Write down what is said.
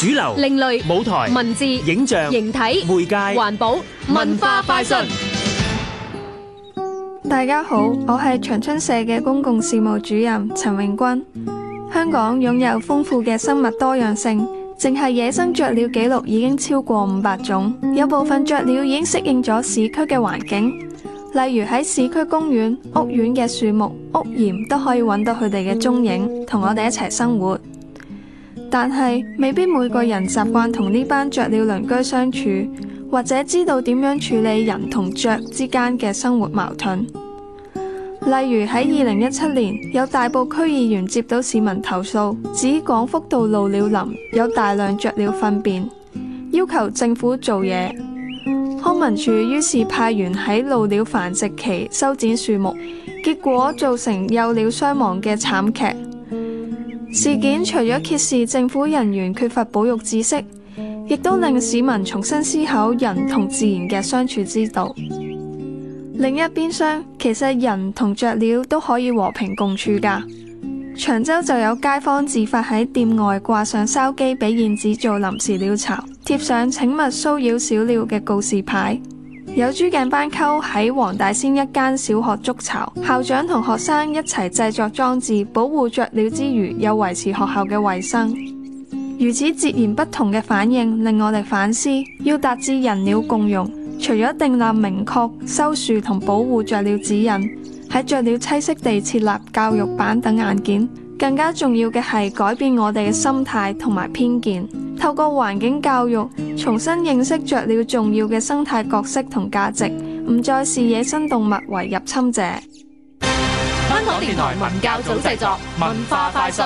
主流、另類、舞台、文字、影像、形體、媒介、環保、文化快訊。大家好，我係長春社嘅公共事務主任陳永軍。香港擁有豐富嘅生物多樣性，淨係野生雀鳥紀錄已經超過五百種，有部分雀鳥已經適應咗市區嘅環境，例如喺市區公園、屋苑嘅樹木、屋檐都可以揾到佢哋嘅蹤影，同我哋一齊生活。但係未必每個人習慣同呢班雀鳥鄰居相處，或者知道點樣處理人同雀之間嘅生活矛盾。例如喺二零一七年，有大埔區議員接到市民投訴，指廣福道鷺鳥林有大量雀鳥糞便，要求政府做嘢。康文署於是派員喺鷺鳥繁殖期修剪樹木，結果造成幼鳥傷亡嘅慘劇。事件除咗揭示政府人員缺乏保育知識，亦都令市民重新思考人同自然嘅相處之道。另一邊廂，其實人同雀鳥都可以和平共處噶。長洲就有街坊自發喺店外掛上筲箕，俾燕子做臨時鳥巢，貼上「請勿騷擾小鳥」嘅告示牌。有珠頸斑鳩喺黃大仙一間小學築巢，校長同學生一齊製作裝置，保護雀鳥之餘，又維持學校嘅衛生。如此截然不同嘅反應，令我哋反思，要達至人鳥共融，除咗訂立明確修樹同保護雀鳥指引，喺雀鳥棲息地設立教育板等硬件。更加重要嘅係改變我哋嘅心態同埋偏見，透過環境教育重新認識着了重要嘅生態角色同價值，唔再視野生動物為入侵者。香港電台文教組製作，文化快訊。